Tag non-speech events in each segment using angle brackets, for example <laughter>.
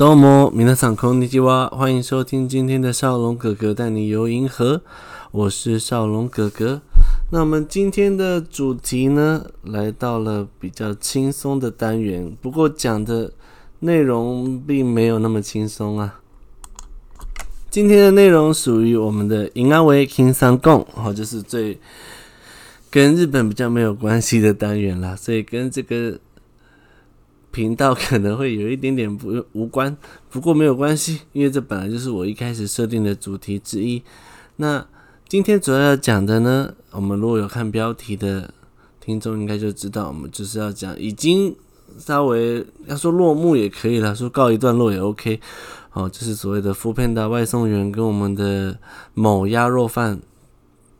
哆摩咪來上空尼吉哇，歡迎收聽今天的少龍葛格帶你遊銀河，我是少龍葛格。那我們今天的主題呢，來到了比較輕鬆的單元，不過講的內容並沒有那麼輕鬆啊。今天的內容屬於我們的閒仔話輕鬆講，就是最跟日本比較沒有關係的單元啦，所以跟這個。頻道可能會有一點點不無關，不過沒有關係，因為這本來就是我一開始設定的主題之一。那今天主要要講的呢，我們如果有看標題的聽眾應該就知道，我們就是要講已經稍微要說落幕也可以了，說告一段落也 OK。哦，就是所謂的 Foodpanda 外送員跟我們的某鴨肉飯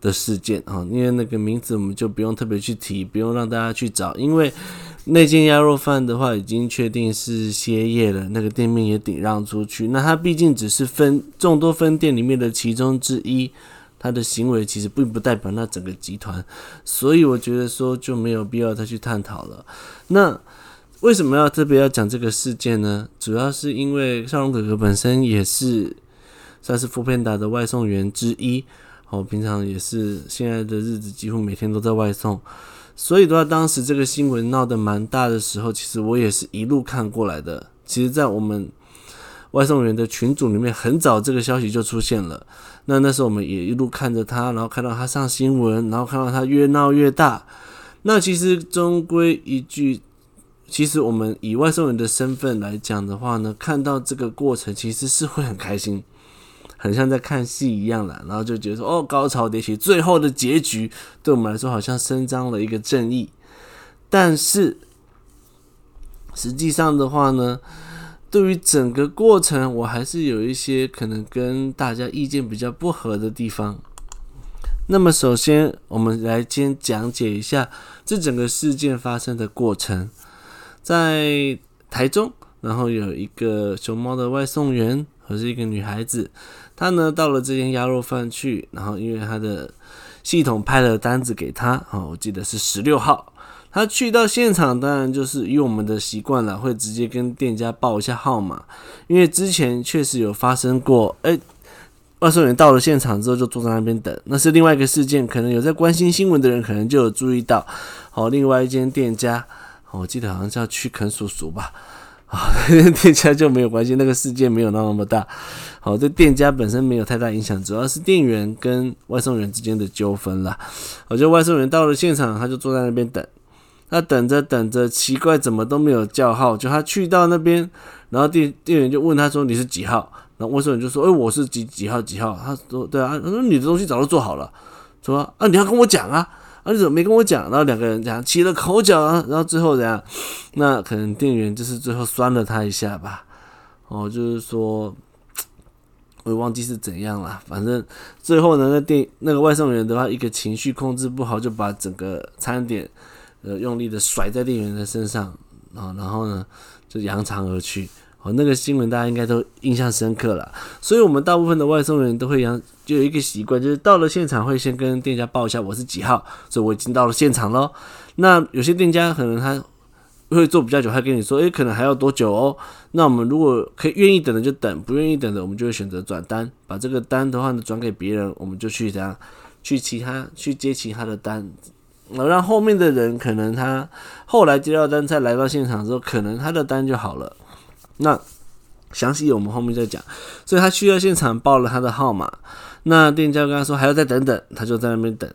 的事件啊，哦，因為那個名字我們就不用特別去提，不用讓大家去找，因為。那間鴨肉飯的話，已經確定是歇業了。那個店面也頂讓出去。那它畢竟只是分眾多分店裡面的其中之一，它的行為其實並不代表那整個集團。所以我覺得說就沒有必要再去探討了。那為什麼要特別要講這個事件呢？主要是因為少龍葛格本身也是算是 Foodpanda 的外送員之一，我、哦、平常也是現在的日子幾乎每天都在外送。所以到當時這個新聞鬧得蠻大的時候，其實我也是一路看過來的。其實，在我們外送人員的群組裡面，很早這個消息就出現了。那那時候我們也一路看着他，然後看到他上新聞，然後看到他越鬧越大。那其實終歸一句，其實我們以外送員的身份來講的話呢，看到這個過程其實是會很開心。很像在看戲一樣啦，然後就覺得說哦，高潮迭起，最後的結局對我們來說好像伸張了一個正義。但是實際上的話呢，對於整個過程，我還是有一些可能跟大家意見比較不合的地方。那麼首先，我們來先講解一下這整個事件發生的過程。在台中，然後有一個熊貓的外送員。我是一個女孩子，她呢到了這間鴨肉飯去，然後因為她的系統派了單子給她，哦，我記得是十六號。她去到現場，當然就是以我們的習慣了，會直接跟店家報一下號碼，因為之前確實有發生過。哎，外送員到了現場之後就坐在那邊等，那是另外一個事件。可能有在關心新聞的人，可能就有注意到。好，哦，另外一間店家，哦，我記得好像是叫去啃叔叔吧。啊，店家就沒有關係，那個事件沒有鬧那麼大，好，對店家本身沒有太大影響，主要是店員跟外送員之間的糾紛啦。我覺得外送員到了現場，他就坐在那邊等，他等着等着，奇怪怎麼都沒有叫號，就他去到那邊，然後店店員就問他說，你是幾號？然後外送員就說誒、欸，我是幾幾號幾號。他說對啊，他說，你的東西早就做好了，說啊你要跟我講啊。你怎麼沒跟我講？然後兩個人講起了口角啊，然後最後怎樣？那可能店員就是最後酸了他一下吧，哦，就是說，我也忘記是怎樣了。反正最後呢，那店那個外送員的話，一個情緒控制不好，就把整個餐點呃用力的甩在店員的身上，哦，然後然後呢就揚長而去。哦，那個新聞大家應該都印象深刻了，所以，我們大部分的外送人都會養就有一個習慣，就是到了現場會先跟店家報一下我是幾號，所以我已經到了現場咯。那有些店家可能他會做比較久，他跟你說，誒、欸，可能還要多久哦？那我們如果可以願意等的就等，不願意等的，我們就會選擇轉單，把這個單的話呢轉給別人，我們就去這樣去其他去接其他的單，然、嗯、後讓後面的人可能他後來接到單再來到現場之後，可能他的單就好了。那詳細我們後面再講，所以他去到現場報了他的號碼，那店家跟他說還要再等等，他就在那邊等。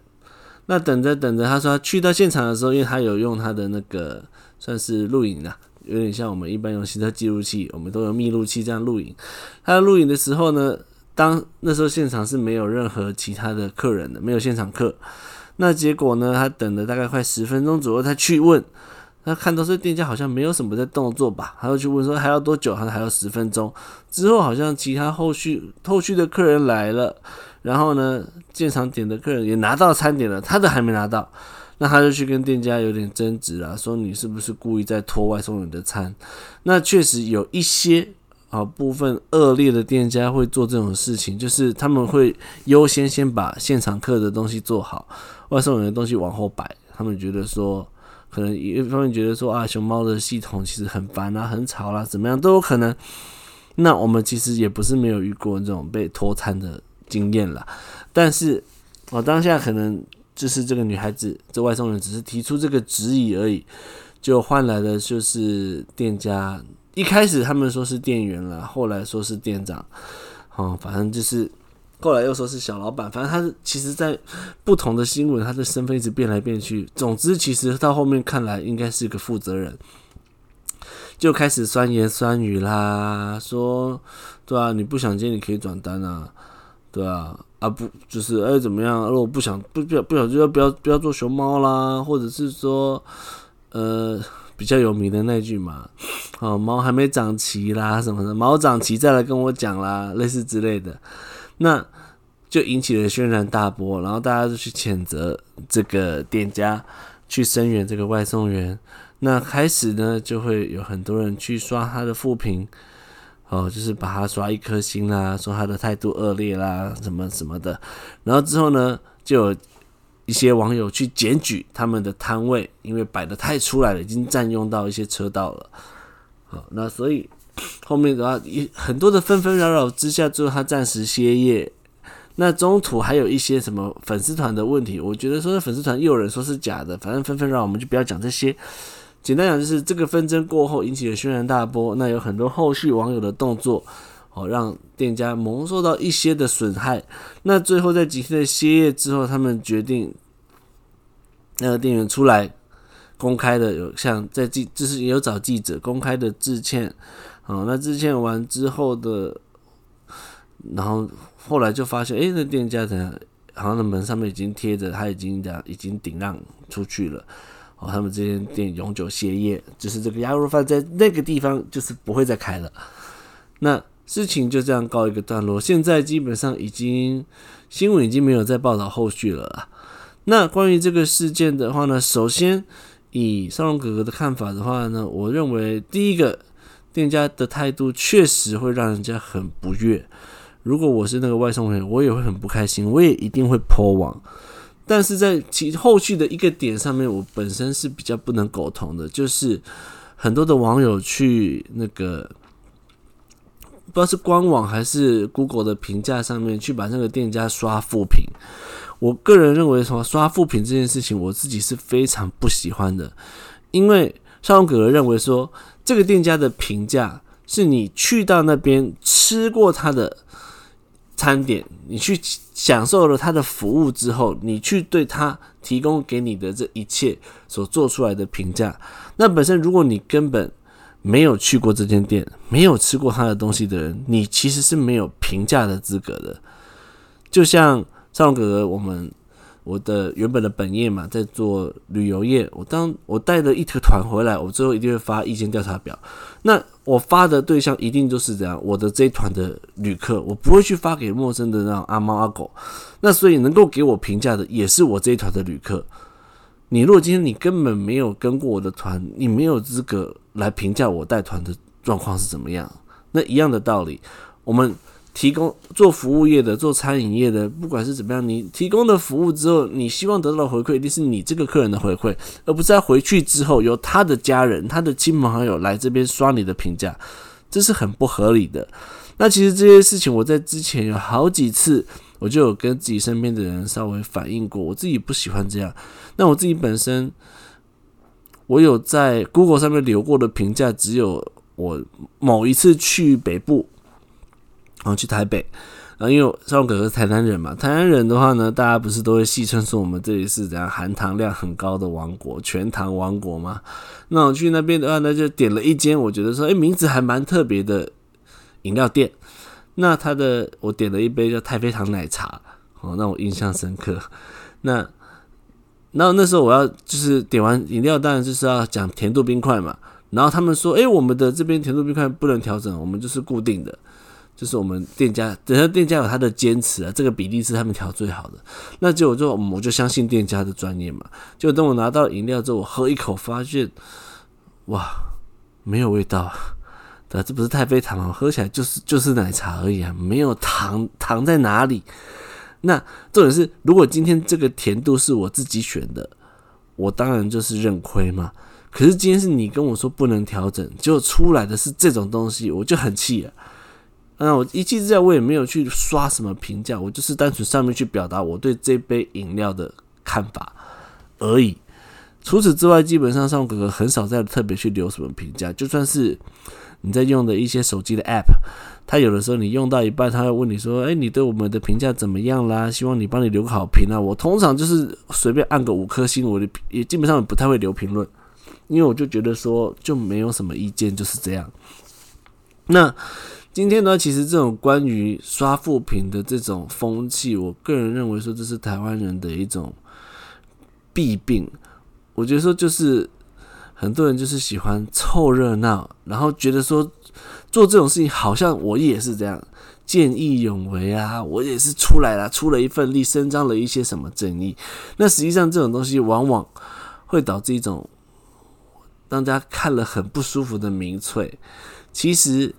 那等着等着，他說他去到現場的時候，因為他有用他的那個算是錄影啊，有點像我們一般用行車記錄器，我們都有密錄器這樣錄影。他錄影的時候呢，當那時候現場是沒有任何其他的客人的，沒有現場客。那結果呢，他等了大概快十分鐘左右，他去問。那看到這店家好像沒有什麼在動作吧，他就去問說還要多久？好像還要十分鐘。之後好像其他後續後續的客人來了，然後呢，現場點的客人也拿到餐點了，他都還沒拿到，那他就去跟店家有點爭執了，啊，說你是不是故意在拖外送員的餐？那確實有一些啊部分惡劣的店家會做這種事情，就是他們會優先先把現場客的東西做好，外送員的東西往後擺，他們覺得說。可能一方面覺得說啊，熊貓的系統其實很煩啊，很吵啦、啊，怎麼樣都有可能。那我們其實也不是沒有遇過這種被拖餐的經驗啦。但是，我當下可能就是這個女孩子這外送人只是提出這個質疑而已，就換來的就是店家一開始他們說是店員啦，後來說是店長，哦，反正就是。後來又說是小老板，反正他其實，在不同的新聞，他的身份一直變來變去。總之，其實到後面看來，應該是個負責人，就開始酸言酸語啦，說對啊，你不想接，你可以轉單啊，對啊，啊不，就是哎、欸、怎麼樣？啊、如果不想不不不想就要不要不要做熊貓啦，或者是說呃比較有名的那句嘛，哦、啊、毛還沒長齊啦什麼的，毛長齊再來跟我講啦，類似之類的。那就引起了軒然大波，然後大家就去譴責這個店家，去聲援這個外送員。那開始呢，就會有很多人去刷他的負評，哦，就是把他刷一顆星啦，說他的態度惡劣啦，什麼什麼的。然後之後呢，就有一些網友去檢舉他們的攤位，因為擺的太出來了，已經佔用到一些車道了。好，那所以。後面的話，一很多的紛紛擾擾之下，最後他暫時歇業。那中途還有一些什麼粉絲團的問題，我覺得說是粉絲團又有人說是假的，反正紛紛擾擾，我們就不要講這些。簡單講就是這個紛爭過後引起了軒然大波，那有很多後續網友的動作，哦，讓店家蒙受到一些的損害。那最後在幾天的歇業之後，他們決定那個店員出來公開的有向在記，就是也有找記者公開的致歉。哦，那之前完之後的，然後後來就發現，哎，那店家怎樣？好像那門上面已經貼着，他已經這樣，已經頂讓出去了。哦，他們這間店永久歇業，就是這個鴨肉飯在那個地方就是不會再開了。那事情就這樣告一個段落，現在基本上已經新聞已經沒有再報道後續了。那關於這個事件的話呢，首先以少龍葛格的看法的話呢，我認為第一個。店家的態度確實會讓人家很不悅。如果我是那個外送員，我也會很不開心，我也一定會 PO 網。但是在其後續的一個點上面，我本身是比較不能苟同的，就是很多的網友去那個不知道是官網還是 Google 的評價上面去把那個店家刷負評。我個人認為，說刷負評這件事情，我自己是非常不喜歡的，因為少龍葛格認為說。這個店家的評價是你去到那邊吃過他的餐點，你去享受了他的服務之後，你去對他提供給你的這一切所做出來的評價。那本身如果你根本沒有去過這間店，沒有吃過他的東西的人，你其實是沒有評價的資格的。就像少龍葛格，我們。我的原本的本業嘛，在做旅遊業。我當我帶了一個團回來，我最後一定會發意見調查表。那我發的對象一定就是這樣，我的這一團的旅客，我不會去發給陌生的那種阿貓阿狗。那所以能夠給我評價的，也是我這一團的旅客。你如果今天你根本沒有跟過我的團，你沒有資格來評價我帶團的狀況是怎麼樣。那一樣的道理，我們。提供做服務業的、做餐飲業的，不管是怎麼樣，你提供的服務之後，你希望得到的回饋一定是你這個客人的回饋，而不是在回去之後由他的家人、他的親朋好友來這邊刷你的評價，這是很不合理的。那其實這些事情，我在之前有好幾次我就有跟自己身邊的人稍微反映過，我自己不喜歡這樣。那我自己本身，我有在 Google 上面留過的評價，只有我某一次去北部，然後去台北，然後因為少龍葛格是台南人嘛。台南人的話呢，大家不是都會戲稱說我們這裡是怎樣，含糖量很高的王國，全糖王國嗎？那我去那邊的話呢，就點了一間我覺得說哎、欸，名字還蠻特別的飲料店。那他的，我點了一杯叫太妃糖奶茶。哦、喔，那我印象深刻。那，那那時候我要就是點完飲料，當然就是要講甜度冰塊嘛。然後他們說，哎、欸，我們的這邊甜度冰塊不能調整，我們就是固定的。就是我們店家，等下店家有他的堅持啊，這個比例是他們調最好的。那結果就，我就相信店家的專業嘛。就等我拿到飲料之後，我喝一口，發現哇，沒有味道啊！對，這不是太妃糖啊，喝起來就是就是奶茶而已啊，沒有糖，糖在哪裡？那重點是，如果今天這個甜度是我自己選的，我當然就是認虧嘛。可是今天是你跟我說不能調整，結果出來的是這種東西，我就很氣啊。那、啊、我一氣之下，我也沒有去刷什麼評價，我就是單純上面去表達我對這杯飲料的看法而已。除此之外，基本上上葛格很少再特別去留什麼評價。就算是你在用的一些手機的 App，他有的時候你用到一半，他會問你說：“誒、哎，你對我們的評價怎麼樣啦？希望你幫你留個好評啊！”我通常就是隨便按個五顆星，我的也基本上不太會留評論，因為我就覺得說就沒有什麼意見，就是這樣。那。今天呢，其實這種關於刷負評的這種風氣，我個人認為說這是台灣人的一種弊病。我覺得說就是很多人就是喜歡湊熱鬧，然後覺得說做這種事情好像我也是這樣，見義勇為啊，我也是出來了、啊、出了一份力，伸張了一些什麼正義。那實際上這種東西往往會導致一種讓大家看了很不舒服的民粹。其實。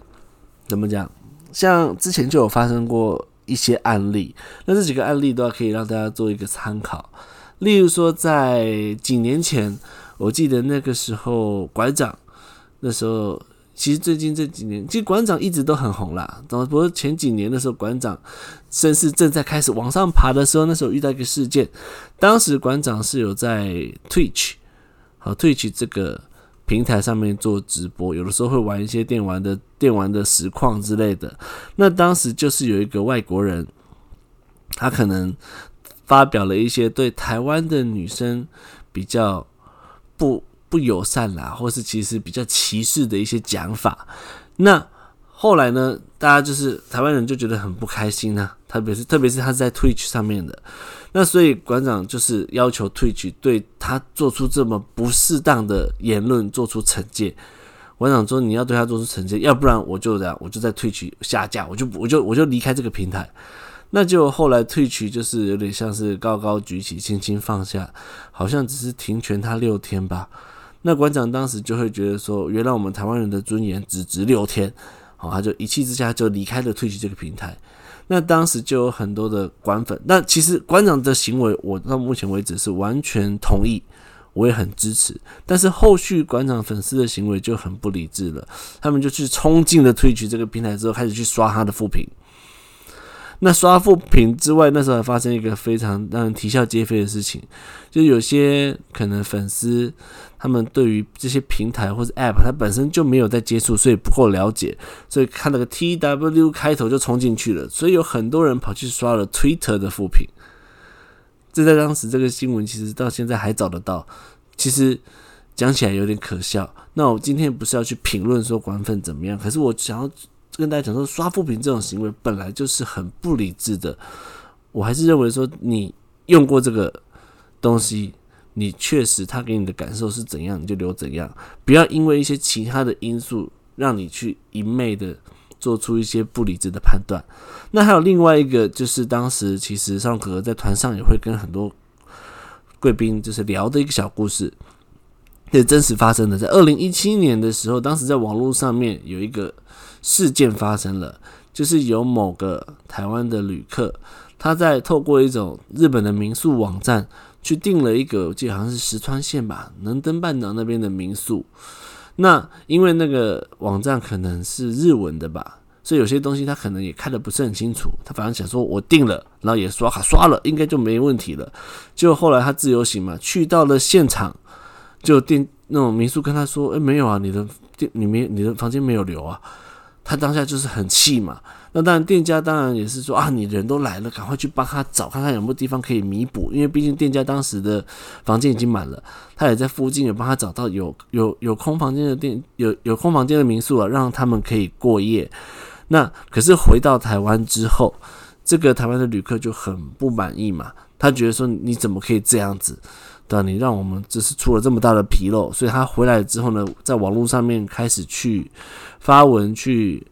怎麼講？像之前就有發生過一些案例，那這幾個案例的話，可以讓大家做一個參考。例如說，在幾年前，我記得那個時候館長，那時候其實最近這幾年，其實館長一直都很紅啦。然後不過前幾年的時候，館長甚至正在開始往上爬的時候，那時候遇到一個事件，當時館長是有在 Twitch，好，Twitch 這個。平台上面做直播，有的時候會玩一些電玩的、電玩的實況之類的。那當時就是有一個外國人，他可能發表了一些對台灣的女生比較不不友善啦，或是其實比較歧視的一些講法。那後來呢，大家就是台灣人就覺得很不開心呢、啊。特別是，特別是他是在 Twitch 上面的，那所以館長就是要求 Twitch 對他做出這麼不適當的言論做出懲戒。館長說：“你要對他做出懲戒，要不然我就這樣，我就在 Twitch 下架，我就我就我就離開這個平台。”那就後來 Twitch 就是有點像是高高舉起，輕輕放下，好像只是停權他六天吧。那館長當時就會覺得說：“原來我們台灣人的尊嚴只值六天。”哦，好，他就一氣之下就離開了 Twitch 這個平台。那當時就有很多的館粉，那其實館長的行為，我到目前為止是完全同意，我也很支持。但是後續館長粉絲的行為就很不理智了，他們就去衝進了 Twitch 這個平台之後，開始去刷他的負評。那刷負評之外，那時候還發生一個非常讓人啼笑皆非的事情，就有些可能粉絲。他們對於這些平台或者 App，它本身就沒有在接觸，所以不夠了解，所以看那個 TW 開頭就衝進去了，所以有很多人跑去刷了 Twitter 的負評。這在當時這個新聞其實到現在還找得到，其實講起來有點可笑。那我今天不是要去評論說官粉怎麼樣，可是我想要跟大家講說，刷負評這種行為本來就是很不理智的。我還是認為說，你用過這個東西。你確實，他給你的感受是怎樣，你就留怎樣，不要因為一些其他的因素，讓你去一昧的做出一些不理智的判斷。那還有另外一個，就是當時其實少龍葛格在團上也會跟很多貴賓就是聊的一個小故事，也真實發生的，在二零一七年的時候，當時在網絡上面有一個事件發生了，就是有某個台灣的旅客，他在透過一種日本的民宿網站。去訂了一個，我記得好像是石川縣吧，能登半島那邊的民宿。那因為那個網站可能是日文的吧，所以有些東西他可能也看的不是很清楚。他反正想說，我訂了，然後也刷卡刷了，應該就沒問題了。就後來他自由行嘛，去到了現場，就訂那種民宿，跟他說，哎，沒有啊，你的訂，你沒你的房間沒有留啊。他當下就是很氣嘛，那當然店家當然也是說啊，你人都來了，趕快去幫他找看看有沒有地方可以彌補，因為畢竟店家當時的房間已經滿了，他也在附近有幫他找到有有有空房間的店，有有空房間的民宿啊，讓他們可以過夜。那可是回到台灣之後，這個台灣的旅客就很不滿意嘛，他覺得說你，你怎麼可以這樣子？等你讓我們就是出了這麼大的紕漏，所以他回來之後呢，在網絡上面開始去發文去，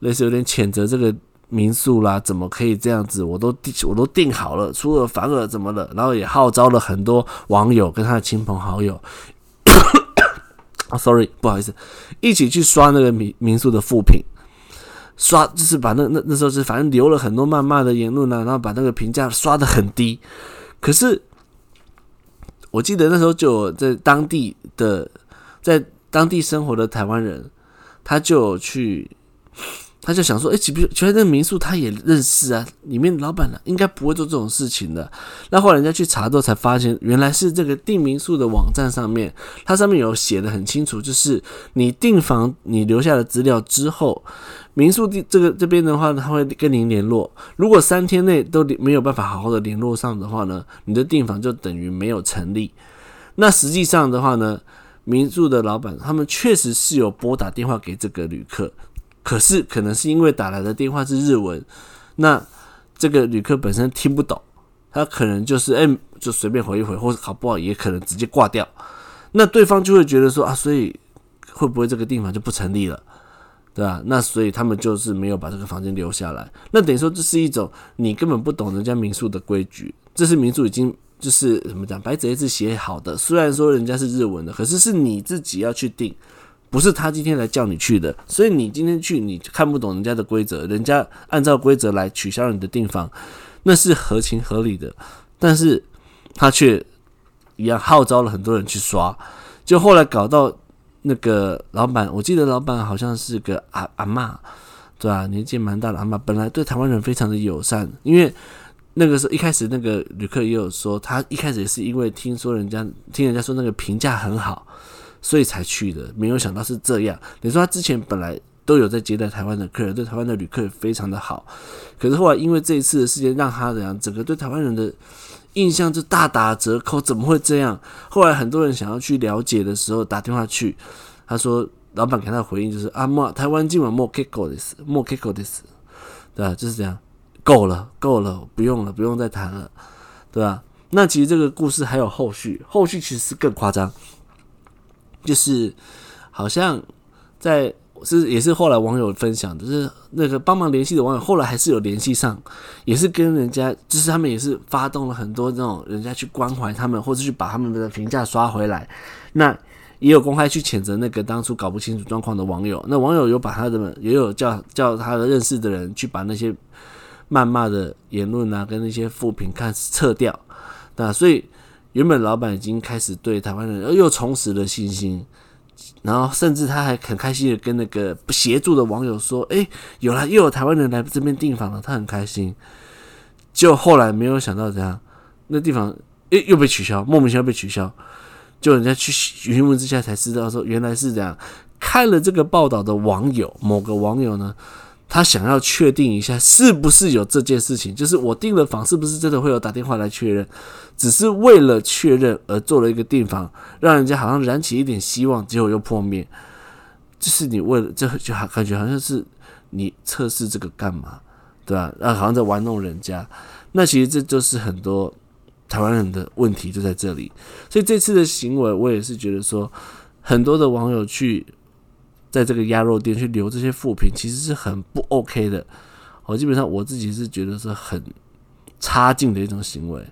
類似有點譴責這個民宿啦，怎麼可以這樣子？我都訂我都訂好了，出爾反爾怎麼了？然後也號召了很多網友跟他的親朋好友，啊、oh,，sorry，不好意思，一起去刷那個民民宿的負評，刷就是把那那那時候是反正留了很多謾罵的言論呢，啊，然後把那個評價刷得很低，可是我記得那時候，就有在當地的，在當地生活的台灣人，他就去。他就想說，哎，其實那個民宿他也認識啊，裡面老闆呢，啊，應該不會做這種事情的。那後來人家去查之後才發現，原來是這個訂民宿的網站上面，它上面有寫的很清楚，就是你訂房你留下的資料之後，民宿的這個這邊的話呢，他會跟您聯絡。如果三天內都沒有辦法好好的聯絡上的話呢，你的訂房就等於沒有成立。那實際上的話呢，民宿的老闆他們確實是有撥打電話給這個旅客。可是可能是因為打來的電話是日文，那這個旅客本身聽不懂，他可能就是哎、欸，就隨便回一回，或者搞不好也可能直接掛掉。那對方就會覺得說啊，所以會不會這個訂房就不成立了，對吧？那所以他們就是沒有把這個房間留下來。那等於說，這是一種你根本不懂人家民宿的規矩，這是民宿已經就是怎麼講白紙黑字寫好的。雖然說人家是日文的，可是是你自己要去訂。不是他今天來叫你去的，所以你今天去，你看不懂人家的規則，人家按照規則來取消你的訂房，那是合情合理的。但是他卻一樣號召了很多人去刷，就後來搞到那個老闆，我記得老闆好像是個阿阿嬤，對啊，年紀蠻大的阿嬤，本來對台灣人非常的友善，因為那個時候一開始那個旅客也有說，他一開始也是因為聽說人家聽人家說那個評價很好。所以才去的，沒有想到是這樣。你說他之前本來都有在接待台灣的客人，對台灣的旅客也非常的好，可是後來因為這一次的事件，讓他這樣整個對台灣人的印象就大打折扣。怎麼會這樣？後來很多人想要去了解的時候打電話去，他說老闆給他回應就是啊莫台灣今晚莫 kick this 莫 kick this，對吧？就是這樣，夠了夠了，夠了，不用了不用再談了，對吧？那其實這個故事還有後續，後續其實是更誇張。就是，好像在是也是後來網友分享的，是那個幫忙聯繫的網友，後來還是有聯繫上，也是跟人家，就是他們也是發動了很多這種人家去關懷他們，或者去把他們的評價刷回來。那也有公開去譴責那個當初搞不清楚狀況的網友。那網友有把他的，也有叫叫他的認識的人去把那些謾罵的言論啊，跟那些負評看撤掉。那所以。原本老闆已經開始對台灣人又重拾了信心，然後甚至他還很開心的跟那個協助的網友說：“誒，有了，又有台灣人來這邊訂房了。”他很開心。就後來沒有想到怎樣，那地方誒又被取消，莫名其妙被取消。就人家去詢問之下才知道說原來是這樣。看了這個報道的網友，某個網友呢。他想要確定一下是不是有這件事情，就是我訂了房，是不是真的會有打電話來確認？只是為了確認而做了一個訂房，讓人家好像燃起一點希望，結果又破滅。就是你為了這就還感覺好像是你測試這個幹嘛，對吧？那，啊，好像在玩弄人家。那其實這就是很多台灣人的問題就在這裡。所以這次的行為，我也是覺得說，很多的網友去。在這個鴨肉店去留這些負評，其實是很不 OK 的。我、哦、基本上我自己是覺得是很差勁的一種行為。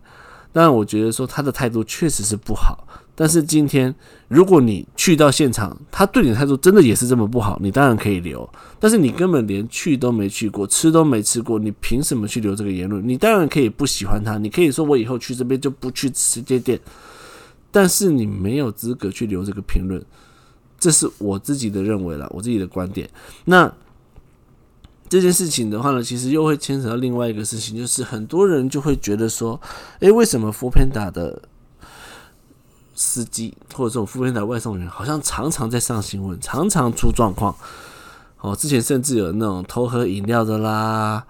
但我覺得說他的態度確實是不好。但是今天如果你去到現場，他對你的態度真的也是這麼不好，你當然可以留。但是你根本連去都沒去過，吃都沒吃過，你憑什麼去留這個言論？你當然可以不喜歡他，你可以說我以後去這邊就不去吃這店。但是你沒有資格去留這個評論。這是我自己的認為了，我自己的觀點。那這件事情的話呢，其實又會牽扯到另外一個事情，就是很多人就會覺得說，誒，為什麼 Foodpanda 的司機或者說 Foodpanda 的外送員，好像常常在上新聞，常常出狀況。哦，之前甚至有那種偷喝飲料的啦，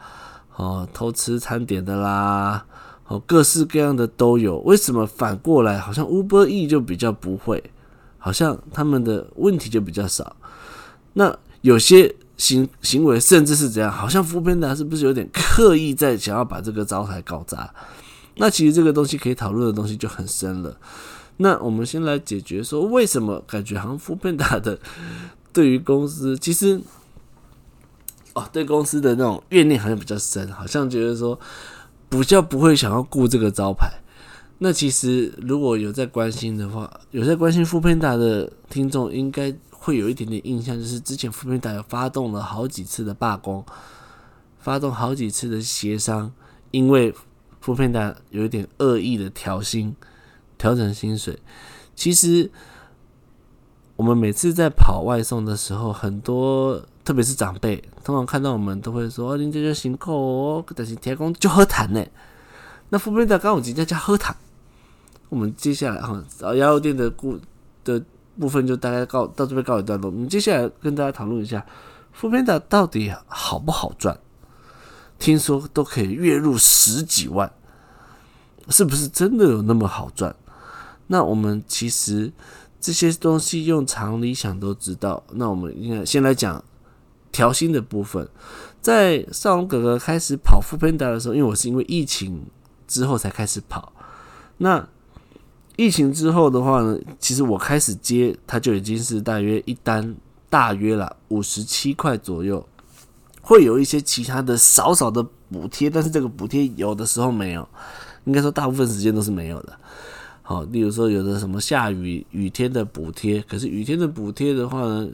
哦，偷吃餐點的啦，哦，各式各樣的都有。為什麼反過來好像 Uber E 就比較不會？好像他們的問題就比較少，那有些行行為甚至是怎樣？好像 Foodpanda 是不是有點刻意在想要把這個招牌搞砸？那其實這個東西可以討論的東西就很深了。那我們先來解決說，為什麼感覺好像 Foodpanda 的對於公司其實哦對公司的那種怨念好像比較深，好像覺得說比較不會想要顧這個招牌。那其實如果有在關心的話，有在關心 Foodpanda 的聽眾，應該會有一點點印象，就是之前 Foodpanda 有發動了好幾次的罷工，發動好幾次的協商，因為 Foodpanda 有一點惡意的調薪，調整薪水。其實我們每次在跑外送的時候，很多特別是長輩，通常看到我們都會說：“哦，您這就辛苦哦，但是天公就喝痰呢。”那 Foodpanda 剛好直接在喝痰。我們接下來哈、嗯，鴨肉店的故的部分就大概告到這邊告一段落。我們接下來跟大家討論一下 Foodpanda 到底好不好賺？聽說都可以月入十幾萬，是不是真的有那麼好賺？那我們其實這些東西用常理想都知道。那我們應該先來講調薪的部分。在《少龍葛格》開始跑 Foodpanda 的時候，因為我是因為疫情之後才開始跑，那疫情之後的話呢，其實我開始接，它就已經是大約一單，大約了五十七塊左右，會有一些其他的少少的補貼，但是這個補貼有的時候沒有，應該說大部分時間都是沒有的。好，例如說有的什麼下雨、雨天的補貼，可是雨天的補貼的話呢，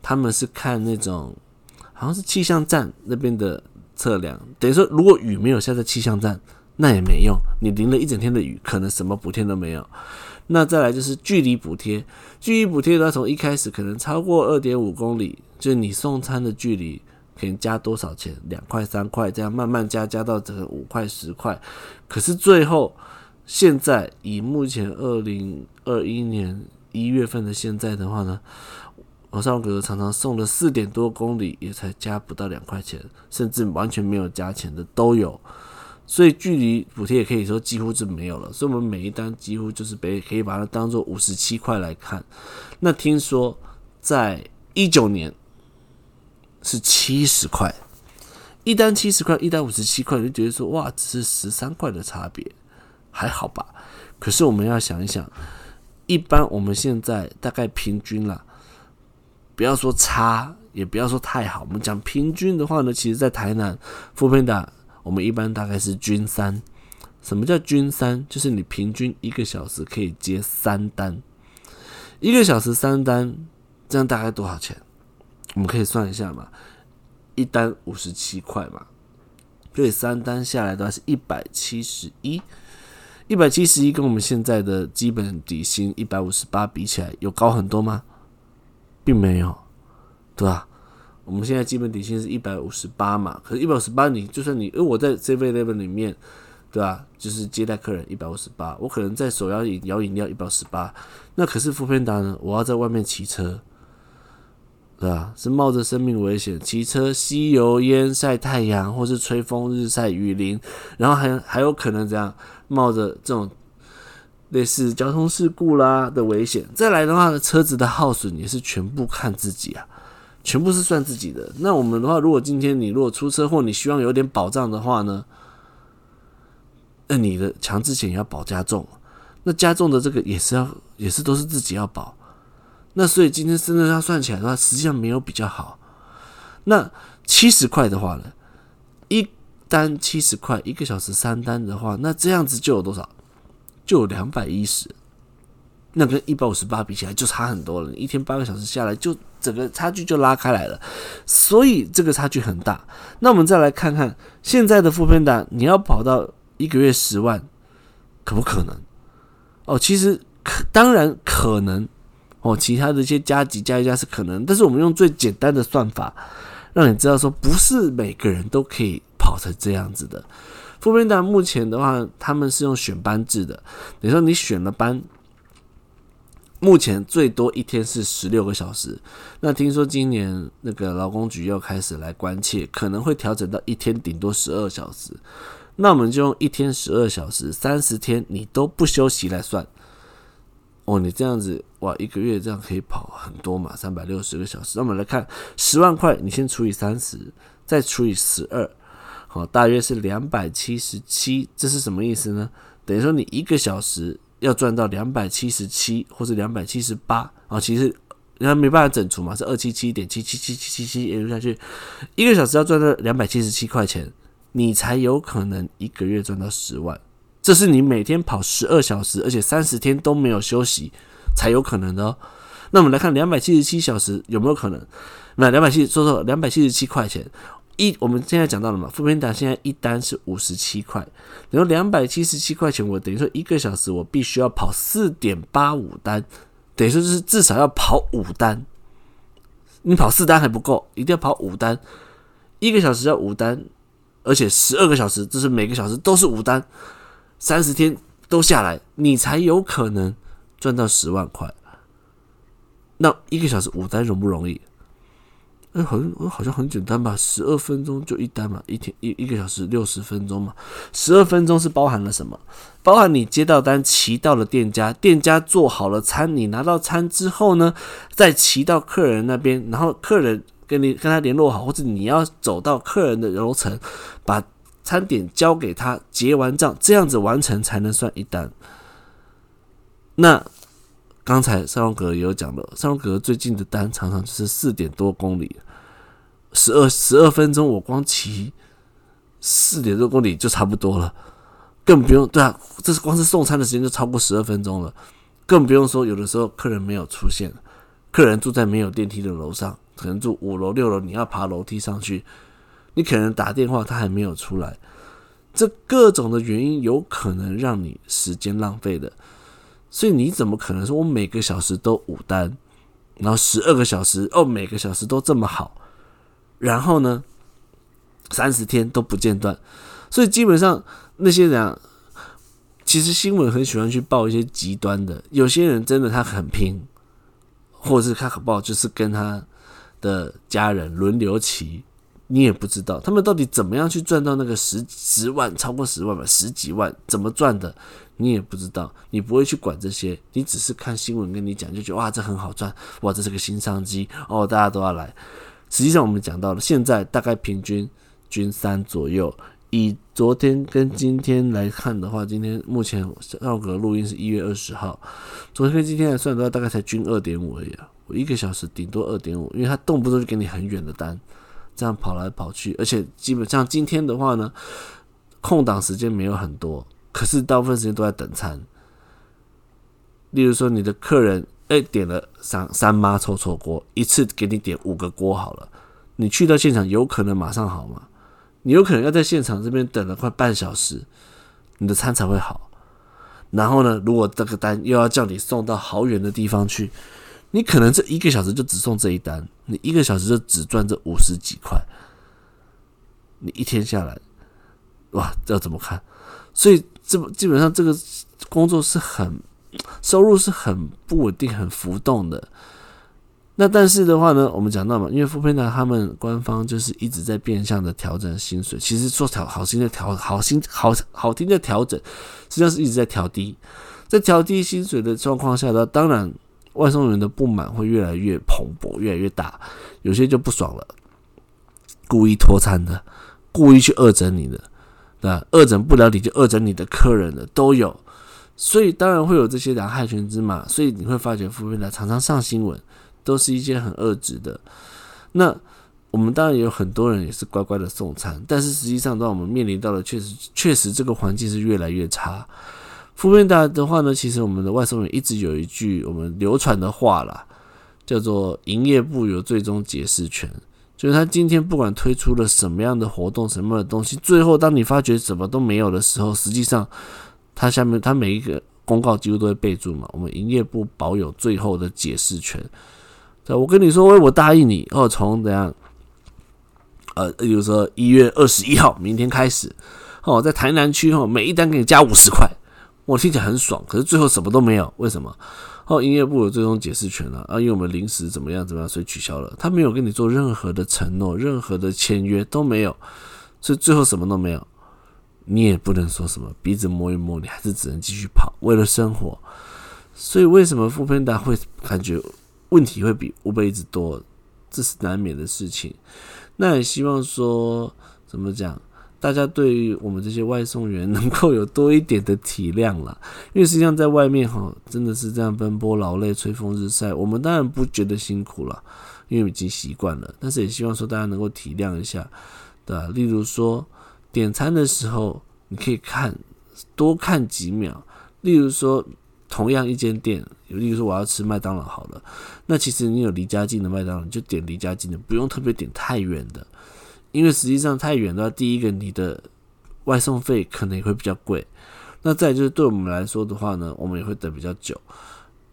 他們是看那種好像是氣象站那邊的測量，等於說如果雨沒有下在氣象站。那也沒用，你淋了一整天的雨，可能什麼補貼都沒有。那再來就是距離補貼，距離補貼要從一開始可能超過二點五公里，就你送餐的距離，可以加多少錢，兩塊、三塊，這樣慢慢加，加到這個五塊、十塊。可是最後，現在以目前二零二一年一月份的現在的話呢，少龍葛格常常送了四點多公里，也才加不到兩塊錢，甚至完全沒有加錢的都有。所以距離補貼也可以說幾乎是沒有了，所以我們每一單幾乎就是被可以把它當做五十七塊來看。那聽說在一九年是七十塊，一單七十塊，一單五十七塊，你就覺得說哇，只是十三塊的差別，還好吧？可是我們要想一想，一般我們現在大概平均了，不要說差，也不要說太好，我們講平均的話呢，其實在台南 Foodpanda。我們一般大概是均三，什麼叫均三？就是你平均一個小時可以接三單，一個小時三單，這樣大概多少錢？我們可以算一下嘛，一單五十七塊嘛，所以三單下來的話是一百七十一，一百七十一跟我們現在的基本底薪一百五十八比起來，有高很多嗎？並沒有，對吧？我們現在基本底薪是一百五十八嘛，可是一百五十八，你就算你，因、呃、為我在 7-Eleven 裡面，對吧、啊？就是接待客人一百五十八，我可能在手搖搖飲料一百五十八，那可是福胖達呢，我要在外面騎車，對吧、啊？是冒着生命危險騎車吸油煙、曬太陽，或是吹風日曬雨淋，然後還還有可能怎樣，冒着這種類似交通事故啦的危險。再來的話呢，車子的耗損也是全部看自己啊。全部是算自己的。那我們的話，如果今天你如果出車禍，或你希望有點保障的話呢？那、呃、你的強制險也要保加重，那加重的這個也是要，也是都是自己要保。那所以今天真正要算起來的話，實際上沒有比較好。那七十塊的話呢，一單七十塊，一個小時三單的話，那這樣子就有多少？就有兩百一十。那跟一百五十八比起來，就差很多了。一天八個小時下來就。整個差距就拉開來了，所以這個差距很大。那我們再來看看現在的 Foodpanda，你要跑到一個月十萬，可不可能？哦，其實可當然可能哦，其他的一些加急加一加是可能，但是我們用最簡單的算法讓你知道，說不是每個人都可以跑成這樣子的。Foodpanda 目前的話，他們是用選班制的，等於說你選了班。目前最多一天是十六個小時，那聽說今年那個勞工局又開始來關切，可能會調整到一天頂多十二小時。那我們就用一天十二小時，三十天你都不休息來算。哦，你這樣子，哇，一個月這樣可以跑很多嘛，三百六十個小時。那我們來看，十萬塊，你先除以三十，再除以十二，好，大約是兩百七十七。這是什麼意思呢？等於說你一個小時。要賺到兩百七十七或者兩百七十八啊，其實人家沒辦法整除嘛，是二七七點七七七七七七延續下去，一個小時要賺到兩百七十七塊錢，你才有可能一個月賺到十萬，這是你每天跑十二小時，而且三十天都沒有休息才有可能的。哦。那我們來看兩百七十七小時有沒有可能？那兩百七，說說兩百七十七塊錢。一，我們現在講到了嘛？Foodpanda 現在一單是五十七塊，然後兩百七十七塊錢，我等於說一個小時我必須要跑四點八五單，等於說就是至少要跑五單。你跑四單還不夠，一定要跑五單，一個小時要五單，而且十二個小時就是每個小時都是五單，三十天都下來，你才有可能賺到十萬塊。那一個小時五單容不容易？哎、欸，好像好像很簡單吧？十二分鐘就一單嘛，一天一一個小時六十分鐘嘛，十二分鐘是包含了什麼？包含你接到單，騎到了店家，店家做好了餐，你拿到餐之後呢，再騎到客人那邊，然後客人跟你跟他聯絡好，或者你要走到客人的樓層，把餐點交給他，結完賬，這樣子完成才能算一單。那。剛才少龍葛格也有講了，少龍葛格最近的單常常就是四點多公里，十二十二分鐘，我光騎四點多公里就差不多了，更不用，對啊，這是光是送餐的時間就超過十二分鐘了，更不用說有的時候客人沒有出現，客人住在沒有電梯的樓上，可能住五樓六樓，你要爬樓梯上去，你可能打電話他還沒有出來，這各種的原因有可能讓你時間浪費的。所以你怎麼可能說我每個小時都五單，然後十二個小時哦，每個小時都這麼好，然後呢，三十天都不間斷？所以基本上那些人啊，其實新聞很喜歡去報一些極端的，有些人真的他很拼，或者是他很爆，就是跟他的家人輪流騎。你也不知道他們到底怎麼樣去賺到那個十十萬，超過十萬吧，十幾萬怎麼賺的，你也不知道。你不會去管這些，你只是看新聞跟你講，就覺得哇，這很好賺，哇，這是個新商機哦，大家都要來。實際上，我們講到了，現在大概平均均三左右。以昨天跟今天來看的話，今天目前葛格錄音是一月二十號，昨天跟今天來算的話，大概才均二點五而已。我一個小時頂多二點五，因為他動不動就給你很遠的單。這樣跑來跑去，而且基本上今天的話呢，空檔時間沒有很多，可是大部分時間都在等餐。例如說，你的客人誒、欸，點了三三媽臭臭鍋，一次給你點五個鍋好了，你去到現場有可能馬上好嗎？你有可能要在現場這邊等了快半小時，你的餐才會好。然後呢，如果這個單又要叫你送到好遠的地方去。你可能這一個小時就只送這一單，你一個小時就只賺這五十幾塊，你一天下來，哇，這要怎麼看？所以這基本上這個工作是很收入是很不穩定，很浮動的。那但是的話呢，我們講到嘛，因為 Foodpanda 他們官方就是一直在變相的調整薪水，其實說調好心的調好心好好聽的調整，實際上是一直在調低，在調低薪水的狀況下呢，當然。外送員的不滿會越來越蓬勃，越來越大，有些就不爽了，故意拖餐的，故意去惡整你的，對吧？惡整不了你就惡整你的客人的，都有，所以當然會有這些兩害群之馬。所以你會發覺附近的，服務業常常上新聞，都是一些很惡質的。那我們當然也有很多人也是乖乖的送餐，但是實際上，當我們面臨到的，確實確實，這個環境是越來越差。Foodpanda 的話呢，其實我們的外送員一直有一句我們流傳的話啦，叫做營業部有最終解釋權。就是他今天不管推出了什麼樣的活動、什麼樣的東西，最後當你發覺什麼都沒有的時候，實際上他下面他每一個公告幾乎都會備註嘛，我們營業部保有最後的解釋權。對。我跟你說，我我答應你哦，從怎樣，呃，比如說一月二十一號明天開始，哦，在台南區哦，每一單給你加五十塊。我聽起來很爽，可是最後什麼都沒有，為什麼？哦，營業部有最終解釋權了啊，因為我們臨時怎麼樣怎麼樣，所以取消了。他沒有跟你做任何的承諾，任何的簽約都沒有，所以最後什麼都沒有。你也不能說什麼，鼻子摸一摸，你還是只能繼續跑，為了生活。所以為什麼 Foodpanda 會感覺問題會比 Uber Eats 多？這是難免的事情。那也希望說怎麼講？大家對於我們這些外送員能夠有多一點的體諒了，因為實際上在外面齁，真的是這樣奔波勞累、吹風日曬，我們當然不覺得辛苦了，因為已經習慣了。但是也希望說大家能夠體諒一下，對吧、啊？例如說點餐的時候，你可以看多看幾秒。例如說同樣一間店，例如說我要吃麥當勞好了，那其實你有離家近的麥當勞，你就點離家近的，不用特別點太遠的。因為實際上太遠的話，第一個你的外送費可能也會比較貴，那再就是對我們來說的話呢，我們也會等比較久，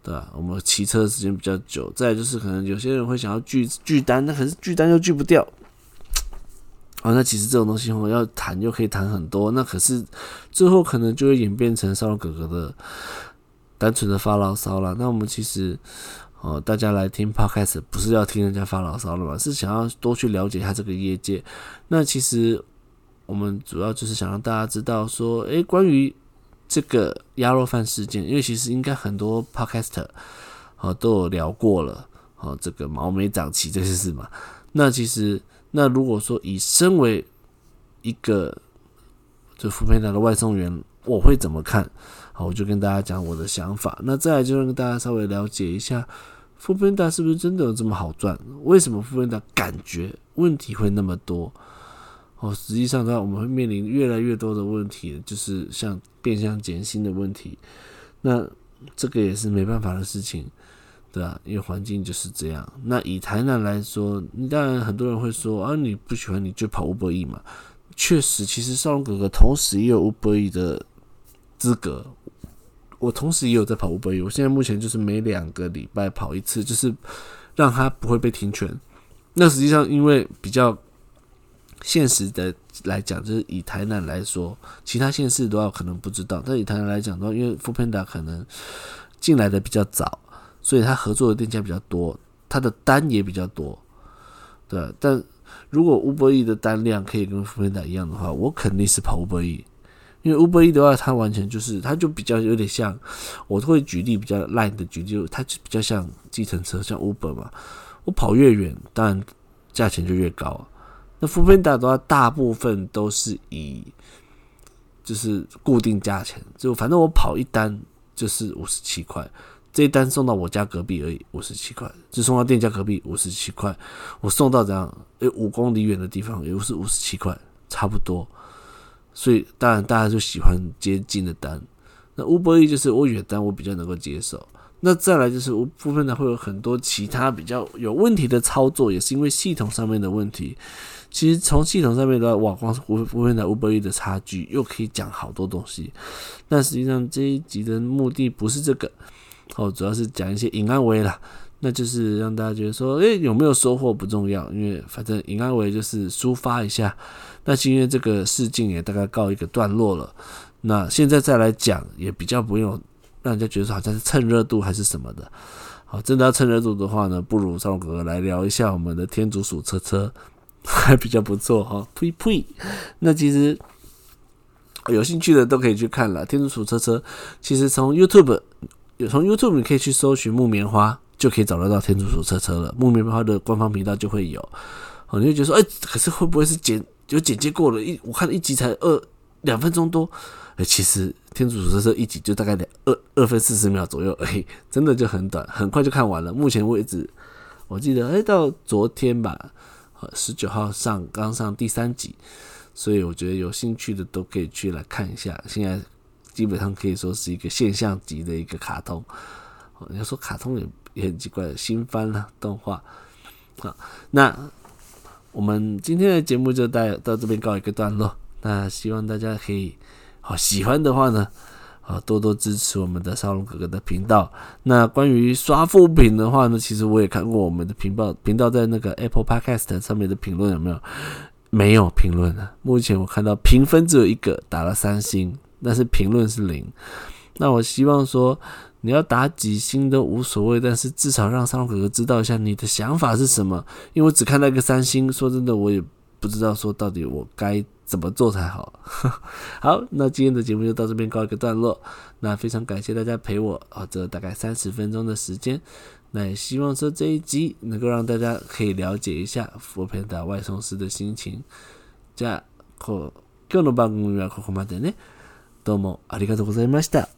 對吧？我們騎車的時間比較久，再來就是可能有些人會想要拒拒單，那可是拒單又拒不掉，啊、哦，那其實這種東西我們要談又可以談很多，那可是最後可能就會演變成少龍哥哥的單純的發牢騷了。那我們其實。哦，大家來聽 podcast 不是要聽人家發牢騷的嘛？是想要多去了解一下這個業界。那其實我們主要就是想讓大家知道說，誒，關於這個鴨肉飯事件，因為其實應該很多 podcaster，哦，都有聊過了哦，這個毛沒長齊這些事嘛。那其實，那如果說以身為一個這 Foodpanda 的外送員，我會怎麼看？好，我就跟大家講我的想法。那再來就讓大家稍微了解一下，Foodpanda 是不是真的有這麼好賺？為什麼 Foodpanda 感覺問題會那麼多？哦，實際上的話，我們會面臨越來越多的問題，就是像變相減薪的問題。那這個也是沒辦法的事情，對吧、啊？因為環境就是這樣。那以台南來說，當然很多人會說啊，你不喜歡你就跑 Uber Eats 嘛。確實，其實少龍哥哥同時也有 Uber Eats 的資格。我同時也有在跑 Uber Eats，我現在目前就是每兩個禮拜跑一次，就是讓他不會被停權。那實際上，因為比較現實的來講，就是以台南來說，其他縣市的話可能不知道。但以台南來講的話，因為 Foodpanda 可能進來的比較早，所以他合作的店家比較多，他的單也比較多，對吧？但如果 Uber Eats 的單量可以跟 Foodpanda 一樣的話，我肯定是跑 Uber Eats。因為 Uber E 的話，它完全就是，它就比較有點像，我會舉例比較爛的舉例，它就比較像計程車，像 Uber 嘛。我跑越遠，當然價錢就越高。那 Foodpanda 的話，大部分都是以就是固定價錢，就反正我跑一單就是五十七塊，這一單送到我家隔壁而已，五十七塊，就送到店家隔壁五十七塊，我送到怎樣有五公里遠的地方，也不是五十七塊，差不多。所以，當然大家就喜歡接近的單。那 Uber Eats 就是我遠單，我比較能夠接受。那再來就是無部分呢，會有很多其他比較有問題的操作，也是因為系統上面的問題。其實從系統上面的話，光無部分的 Uber Eats 的差距，又可以講好多東西。但實際上這一集的目的不是這個哦，主要是講一些隱案微啦。那就是讓大家覺得說，哎、欸，有沒有收穫不重要，因為反正尹安維就是抒發一下。那今天這個事情也大概告一個段落了。那現在再來講，也比較不用讓人家覺得說好像是蹭熱度還是什麼的。好，真的要蹭熱度的話呢，不如少龍葛格來聊一下我們的天竺鼠車車，還比較不錯哈、哦。呸呸，那其實有興趣的都可以去看了。天竺鼠車車，其實從 YouTube，從 YouTube 你可以去搜尋木棉花。就可以找得到《天竺鼠車車》了，木棉花的官方頻道就會有。你會覺得說，哎、欸，可是會不會是剪有剪接過了？一我看一集才二兩分鐘多，哎、欸，其實《天竺鼠車車》一集就大概得二二分四十秒左右而已，哎，真的就很短，很快就看完了。目前為止，我記得哎、欸，到昨天吧，十九號上剛上第三集，所以我覺得有興趣的都可以去來看一下。現在基本上可以說是一個現象級的一個卡通。你要說卡通也也很奇怪的，新番了。動畫，好，那我們今天的節目就到到這邊告一個段落。那希望大家可以好喜歡的話呢，好多多支持我們的少龍哥哥的頻道。那關於刷負評的話呢，其實我也看過我們的頻道頻道在那個 Apple Podcast 上面的評論有沒有？沒有評論的，目前我看到評分只有一個打了三星，但是評論是零。那我希望說。你要打幾星都無所謂，但是至少讓少龍葛格知道一下你的想法是什麼。因為我只看到一個三星，說真的，我也不知道說到底我該怎麼做才好。 <laughs> 好，那今天的節目就到這邊告一個段落。那非常感謝大家陪我啊，這、哦、大概三十分鐘的時間。那也希望說這一集能夠讓大家可以了解一下 Foodpanda 外送員的心情。 <laughs> じゃ、こ、今日の番組はここまでね。どうもありがとうございました。